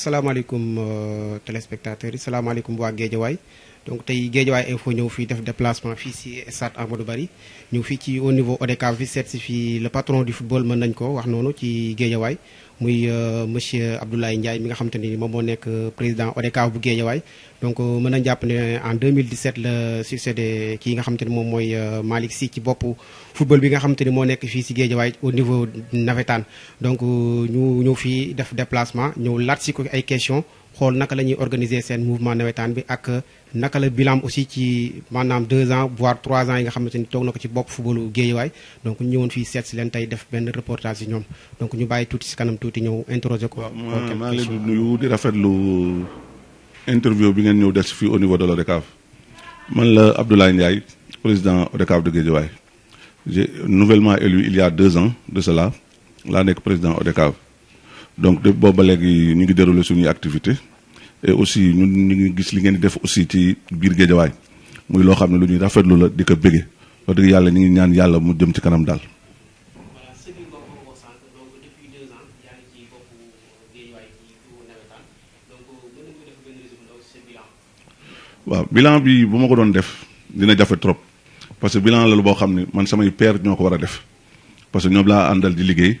Salam alaykum euh, téléspectateurs salam alaykum waa Géejawaay donc tey Géejawaay info ñëw fii def déplacement fii si stade Amadou Barry Nous fii ci au niveau ODK fi le patron du football mën nañ ko wax noonu ci muy euh, monsieur Abdoulaye ndjay mi nga xamanteni mom mo nek président odeka bu way donc meuna japp ne en 2017 le succédé ki nga xamanteni mom moy euh, Malik si ci bop football bi nga xamanteni mo nek fi ci way au niveau navetane donc euh, ñu ñu fi def déplacement ñu lat ci ay questions xool naka la ñuy organiser seen mouvement nawetaan bi ak naka la bilan aussi ci maanaam deux ans voire trois ans yi nga xamante ni toog na ko ci bopp footballu Géejawaay donc ñu ñëwoon fii seet si leen tey def benn reportage si ñoom donc ñu bàyyi tuuti si kanam tuuti ñëw interroger ko. waaw maa ngi di nuyu di rafetlu interview bi ngeen ñëw des fii au niveau de l'ODCAV man la Abdoulaye Ndiaye président ODCAV de Guédiawaye j'ai nouvellement élu il y a deux ans de cela laa nekk président ODCAV donc de booba legui ñu ngi déroulé suñu activité et aussi ñu ñu ngi gis li ngeen di def aussi ci biir way muy lo xamné lu ñuy rafetlu la di ko wa wax dëgg yàlla ñu ngi ñaan yalla mu jëm ci kanam dal wa bilan bi bu mako ko doon def dina jafé trop parce que bilan la lu bo xam man samay père ñoko wara def parce que ñom la andal di liggéey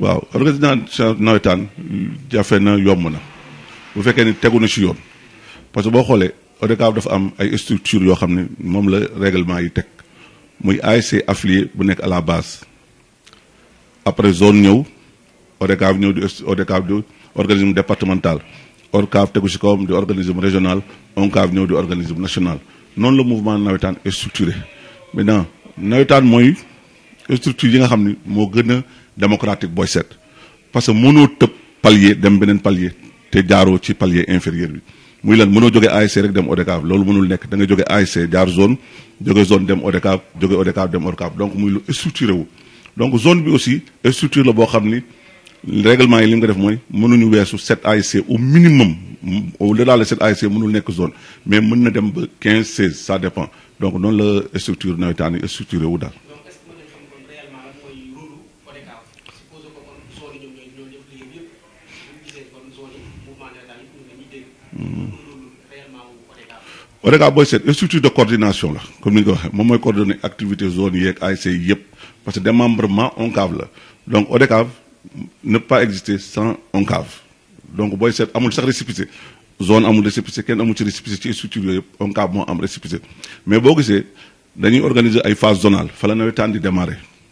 waaw organisation nawetaan jafe na yomb na bu fekkee ni tegu na ci yoon parce que boo xoolee ODCAV dafa am ay structure yoo xam ne moom la règlement yi teg muy ASC affilié bu nekk à la base après zone ñëw ODCAV ñëw di ODCAV di organisme départemental ORCAV tegu ci kawam di organisme régional ONCAV ñëw di organisme national noonu la mouvement nawetaan est structuré maintenant nawetaan mooy une structure qui est démocratique. Parce que mono ne palier, pas aller palier, te palier, ci palier inférieur. Il ne peut pas aller rek dem ODK. Il ne peut pas aller à l'AIC, aller zone, aller zone, dem ODK, aller ODK, dem ODK. Donc, il est structuré. Donc, zone bi aussi, est structuré. Le règlement est que nous avons 7 AIC au minimum. Au-delà de 7 AIC, nous avons zone. Mais nous avons 15, 16, ça dépend. Donc, nous avons une structure qui est structurée. ODCAV booy seet structure de coordination là, comme ni nga ko waxee moom mooy coordonner activité zone yeeg ASC parce que démembrement on cave. donc ODCAV ne pas exister sans cave. donc booy seet amul sax récépissé zone amul récipité, kenn amul ci récépissé ci structure yooyu on cave, moo am récipité. mais boo gisee dañuy organiser ay phase zonale fa la nawetaan di démarrer.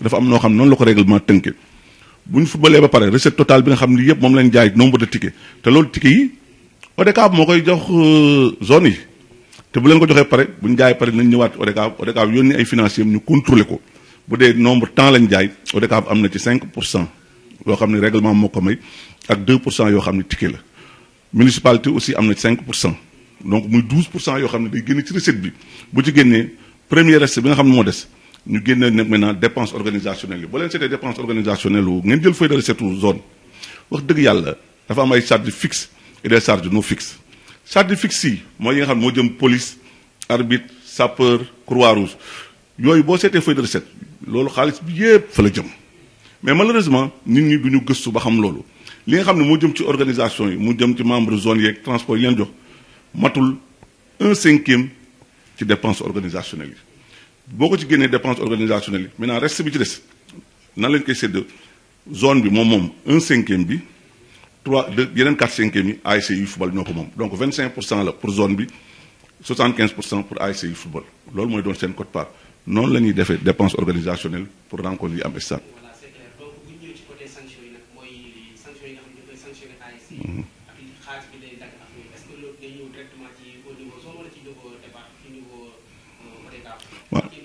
dafa am noo xam noonu la ko règlement tënke bu ñu footballee ba pare recette totale bi nga xam ni yëpp moom lañ jaay nombre de ticket te loolu ticket yi ODCAV moo koy jox euh, zone yi te bu leen ko joxee pare bu ñu jaay pare nañ ñëwaat ODCAV ODCAV yónni ay financiers ñu contrôler ko bu dee nombre temps lañ jaay ODCAV am na ci cinq pour cent loo xam ne règlement moo ko may ak 2 pour cent yoo xam ne ticket la municipalité aussi am na ci pour cent donc muy 12 pour cent yoo xam ne day génne ci recette bi bu ci génnee premier reste nga xam ne moo des. nous gagnons maintenant dépenses organisationnelles. Si vous dépenses des dépenses organisationnelles, vous avez des feuille de recette zone wax avez des dafa am charges fixes et des charges non fixes charges fixes yi mooy yi nga xam police arbitre sapeur croix rouge vous avez des feuilles de recettes, vous avez bi yépp fa la mais malheureusement nous ne du pas gëstu ba xam loolu li nga xam ne moo jëm ci organisation membres mu zone transport nous avons un cinquième ci dépense organisationnelles. Beaucoup de ci organisationnelles, dépense organisationnelle maintenant reste bi ci des nan lañ koy zone bi un cinquième bi trois deux quatre cinquième football donc 25% pour cent 75% pour zone bi soixante pour cent football loolu mooy doon seen quote-part non pour rencontre yi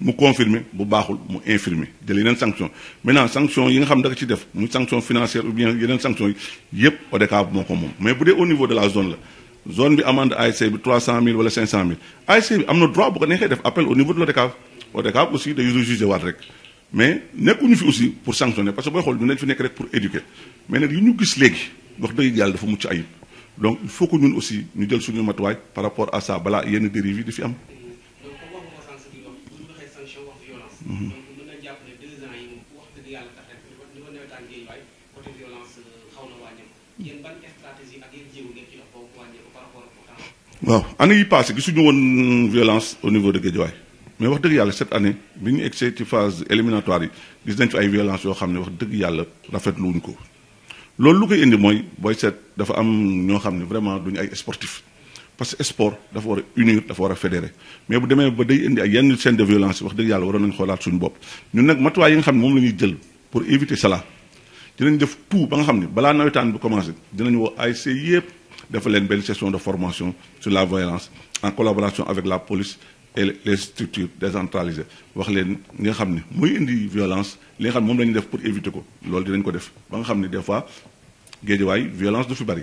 mu confirmer bu baaxul mu infirmer jël yeneen sanction maintenant sanction yi nga xam ne ci def muy sanction financière ou bien yeneen sanction yep yëpp ODCAV moo ko mais bu au niveau de la zone la zone bi amande ASC bi 300000 wala 500000 ASC bi am droit bu ko def appel au niveau de l'ODCAV ODCAV aussi de juger waat rek mais nekkuñu fi aussi pour sanctionner parce que booy xool ñu fi nekk rek pour éduquer mais nag avons ñu gis léegi wax dëgg yàlla dafa mucc ayib donc il faut que ñun aussi ñu jël suñu matuwaay par rapport à ça balaa yenn dérives yi di fi am Mhm. Euh, waaw année yi passé gisuñu woon euh, violence au niveau de Guédiawaye mais wax dëgg yàlla cette année bi ñu egsee ci phase éliminatoire yi gis nañ fi ay violence yoo xam ne wax dëgg yàlla rafetlu wuñ ko loolu lu koy indi mooy booy set dafa am ñoo xam ne vraiment duñu ay sportif parce que sport doit être a unir être fédéré. fédérer mais bu demee ba day indi ak yenn scène de violence wax dëgg yàlla waroon nañu xoolaat suñu bopp ñun nag matuwaay yi nga xam ne moom pour éviter cela dinañ def tout ba nga xam ne balaa nawetaan commencé dinañ woo ASC yëpp dafa leen benn session de formation sur la violence en collaboration avec la police et les structures décentralisées wax leen li nga xam ne muy indi violence li nga xam ne moom la ñuy def pour éviter ko loolu dinañ ko def ba nga xam des fois géejawaay violence du fi bari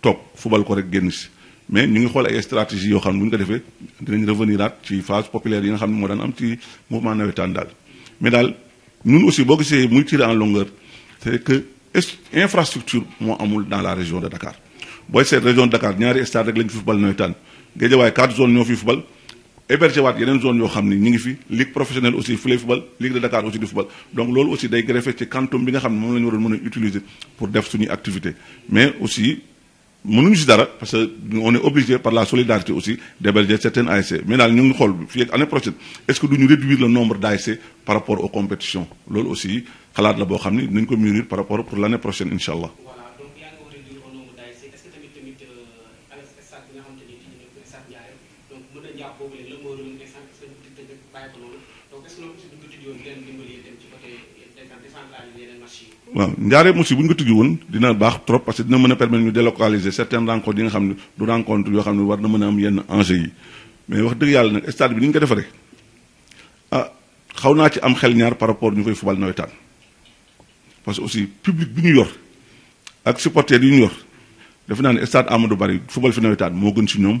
Top football ko rek génn si mais ñu ngi xool ay stratégie yoo xam ne bu ñu ko defee dinañ reveniraat ci phase populaire yi nga xam ne moo daan am ci mouvement nawetaan daal mais daal ñun aussi boo gisee muy tiré en longueur c'est que infrastructure moo amul dans la région de Dakar booy seet région de Dakar ñaari stade rek la ñu fi fubal nawetaan Guédiawaye quatre zones ñoo fi football hébergé waat yeneen zone yoo xam ni ñu ngi fi ligue professionnelle aussi fu lay fubal ligue de Dakar aussi di football. donc loolu aussi day greffé ci quantum bi nga xam ne moom la ñu waroon mën a utiliser pour def suñu activité mais aussi parce que on est obligé par la solidarité aussi d'héberger certaines ASC mais nous ñu ngi prochaine est ce que duñu réduire le nombre d'ASC par rapport aux compétitions loolu aussi xalaat la boo xam ni mûrir par rapport pour l'année prochaine Inch'Allah. voilà donc bien qu'on ko réduire le nombre d'ASC, est ce que tamit tamit mis euh, bi nga donc mën a jàpp nga tijji woon bu ñu woon dina baax trop parce que dina mën a permettre ñu délocaliser certaines rencontres yi nga xam ne du rencontre yoo xam ne war na mën am yenn enjeu yi mais wax dëgg yàlla nag stade bi ni ñu ko defaree ah xaw naa ci am xel ñaar par rapport ñu koy fubal nawetaan parce que aussi public bi ñu yor ak supporters yi ñu yor defe naa ne stade du bari fubal fi nawetaan moo gën si ñoom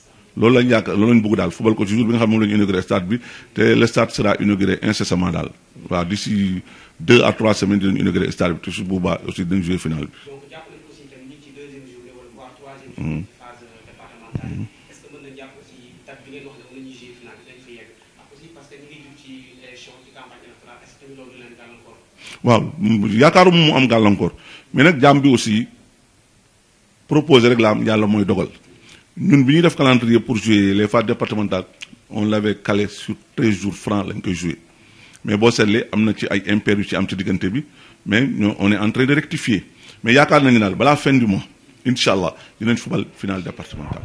loolu lañ yaakaar loolu lañ bëgg daal football ko ci jour bi nga xam moom lañ inaugurer stade bi te le stade sera inauguré incessamment daal waaw d'ici deux à trois semaines dinañ inauguré stade bi te su boobaa aussi dinañ jouer final bi. donc jàpp nañ mm-hmm. mm-hmm. waaw yaakaaru mu am gàllankoor mais nag jàmm bi aussi proposé rek la am yàlla mooy dogal. Nous avons fait calendrier pour jouer les phares départementales on l'avait calé sur 13 jours francs pour jouer mais bon, c'est ci ay ci mais on est en train de rectifier mais la la fin du mois il y a une finale départementale.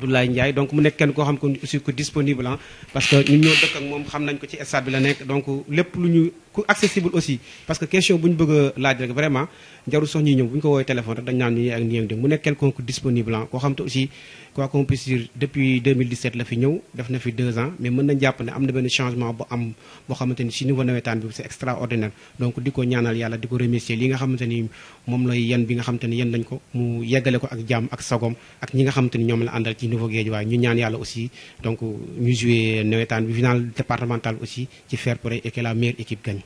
Abdoulaye Ndiaye donc mu nek ken ko xam ko aussi ku disponible hein parce que ñun ñoo dëkk ak moom xam nañ ko ci stade bi la nekk donc lépp lu ñu ku accessible aussi parce que question buñ bëgg a laaj rek vraiment jarul sox ñuy ñëw bu ko woy téléphone rek dañ naan nii ak nii ak mu nek quelqu'un ku disponible hein ah, ko xam te aussi quoi qu'on puisse dire depuis 2017 la fi ñëw def na fi 2 ans mais mën nañ jàpp ne am na benn changement bu am boo xamante ni si niveau nawetaan bi c'est extraordinaire donc di ko ñaanal yàlla di ko remercier li nga xamante ni moom lay yan bi nga xamante ni yan nañ ko mu yeggale ko ak jàmm ak sagom ak ñi nga xamante ni ñoom la àndal ci Nouveau Guédois, ñu ñaan yalla aussi donc ñu jouer nawetaan bi aussi ci faire pour et que la meilleure équipe gagne